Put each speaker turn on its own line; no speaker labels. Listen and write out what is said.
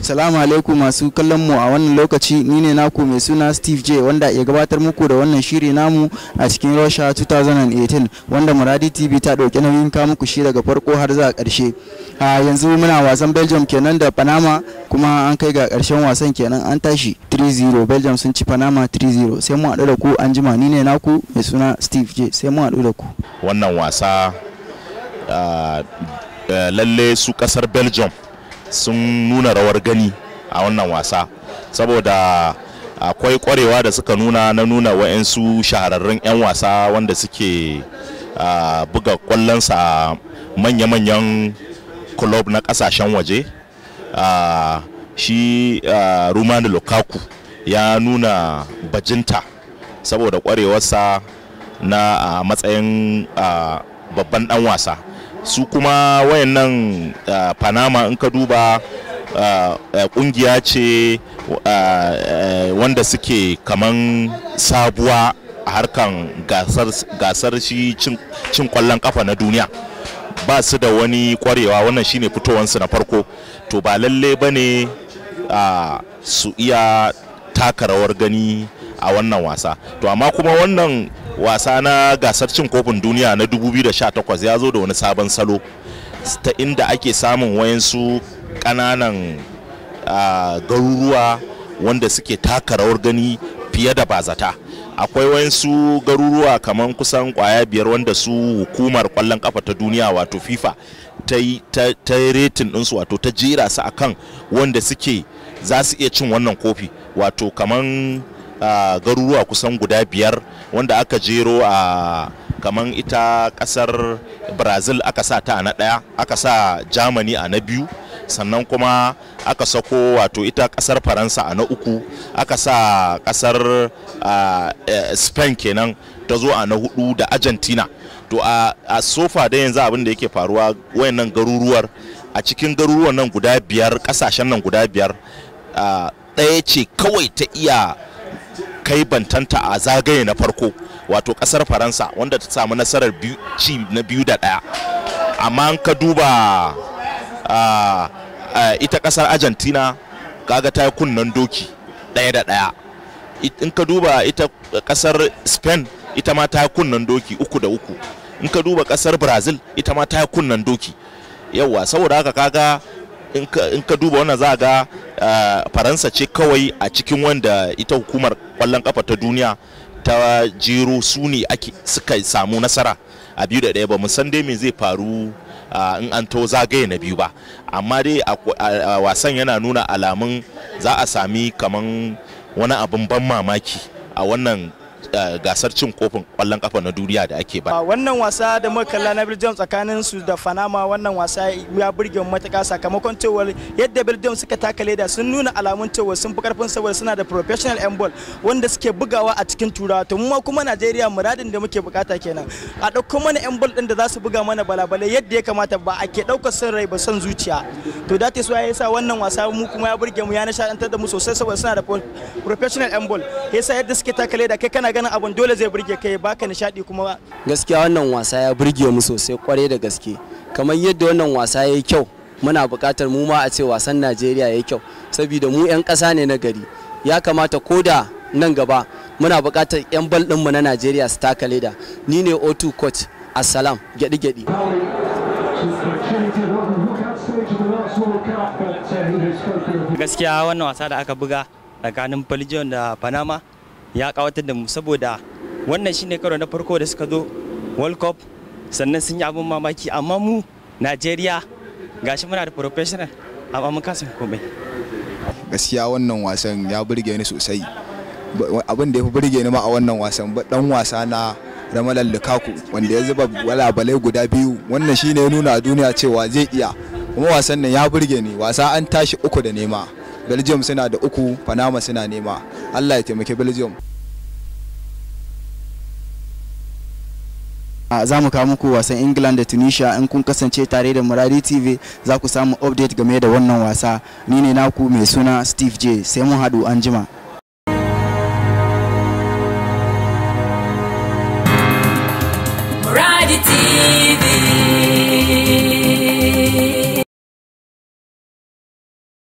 Salamu alaikum masu kallon mu a wannan lokaci ni ne naku mai suna Steve J wanda ya gabatar muku da wannan shiri namu a cikin Russia 2018 wanda Muradi TV ta ɗauki nauyin ka muku shi daga farko har zuwa ƙarshe. A yanzu muna wasan Belgium kenan da Panama kuma an kai ga karshen wasan kenan an tashi 3-0 Belgium sun ci Panama 3-0 sai mu haɗu da ku an jima ni ne naku mai suna Steve J sai mu haɗu da ku.
Wannan wasa lalle su kasar belgium sun nuna rawar gani a wannan wasa saboda akwai kwarewa da suka nuna na nuna wa'yansu shahararrun 'yan wasa wanda suke buga kwallonsa manya-manyan club na kasashen waje shi rumani lukaku ya nuna bajinta saboda kwarewarsa na matsayin babban dan wasa su kuma wayannan panama in ka duba kungiya ce wanda suke kaman sabuwa a harkan gasar shi cin kwallon kafa na duniya ba su da wani kwarewa wannan shine fitowansu na farko to ba lalle ba ne su iya taka rawar gani a wannan wasa to amma kuma wannan wasa na gasar cin kofin duniya na 2018 ya zo da wani sabon salo ta inda ake samun wayansu kananan garuruwa wanda suke taka rawar gani fiye da bazata akwai wayansu garuruwa kamar kusan kwaya biyar wanda su hukumar kwallon kafa ta duniya wato fifa ta yi retin ɗinsu wato ta jera su akan wanda suke za su iya cin wannan kofi wato kamar garuruwa kusan guda biyar wanda aka jero a kamar ita kasar brazil aka sa ta na daya aka sa germany a na biyu sannan kuma aka sako wato ita kasar faransa a na uku aka sa kasar e, spain kenan ta zo a na hudu da argentina to a sofa da yanzu abin da yake faruwa wayannan garuruwar a cikin garuruwan nan guda biyar kasashen nan guda biyar ɗaya ce kawai ta iya kai bantanta a zagaye na farko wato kasar faransa wanda ta samu nasarar ci na biyu da ɗaya amma ka duba ita kasar argentina kaga ta yi kunnen doki ɗaya da ɗaya in ka duba ita kasar spain ita ma ta yi kunnen doki uku da uku in ka duba kasar brazil ita ma ta yi kunnen doki yauwa saboda haka kaga in ka duba wannan za ga eh, faransa ce kawai a cikin wanda ita hukumar kwallon kafa ta duniya ta jero su ne suka samu nasara a biyu da ɗaya ba san dai me zai faru eh, in an to zagaye na biyu ba amma dai wasan yana nuna alamun za a sami kaman wani abin ban mamaki a wannan Eh, gasar cin kofin kwallon kafa na duniya da ake ba.
Wannan wasa da muka kalla na Belgium tsakanin su da Panama wannan wasa ya burge matuƙa sakamakon cewar yadda Belgium suka taka leda sun nuna alamun cewa sun fi karfin saboda suna da professional end ball wanda suke bugawa a cikin turawa to mu kuma Najeriya muradin da muke bukata kenan. A ɗauko mana end ball din da za su buga mana balabalai yadda ya kamata ba a ke ɗaukar son rai ba son zuciya. To that is why yasa wannan wasa mu kuma ya burge mu ya nishaɗantar da mu sosai saboda suna da professional end ball yasa yadda suke taka leda kai kana ganin abun dole zai burge kai baka nishadi kuma
gaskiya wannan wasa ya burge mu sosai kwarai da gaske kamar yadda wannan wasa yayi kyau muna buƙatar mu ma a ce wasan Najeriya yayi kyau saboda mu ƴan ƙasa ne na gari ya kamata ko da nan gaba muna buƙatar ƴan bal ɗin mu na Najeriya su taka leda ni ne O2 coach Assalam gedi gedi
gaskiya wannan wasa da aka buga tsakanin Belgium da Panama ya kawatar da mu saboda wannan shine karo na farko da suka zo world cup sannan sun yi abin mamaki amma mu najeriya gashi muna da professional amma mun kasa komai
gaskiya wannan wasan ya burge ni sosai abin da ya fi burge ni ma a wannan wasan dan wasa na ramalan lukaku wanda ya zuba walabalai guda biyu wannan shine ya nuna a duniya cewa zai iya kuma wasan nan ya burge ni wasa an tashi uku da nema belgium suna da uku panama suna nema allah ya taimaki belgium za mu kawo muku wasan england da tunisia in kun kasance tare da muradi tv za ku samu update game da wannan wasa ni ne naku mai suna steve j sai mun haɗu jima.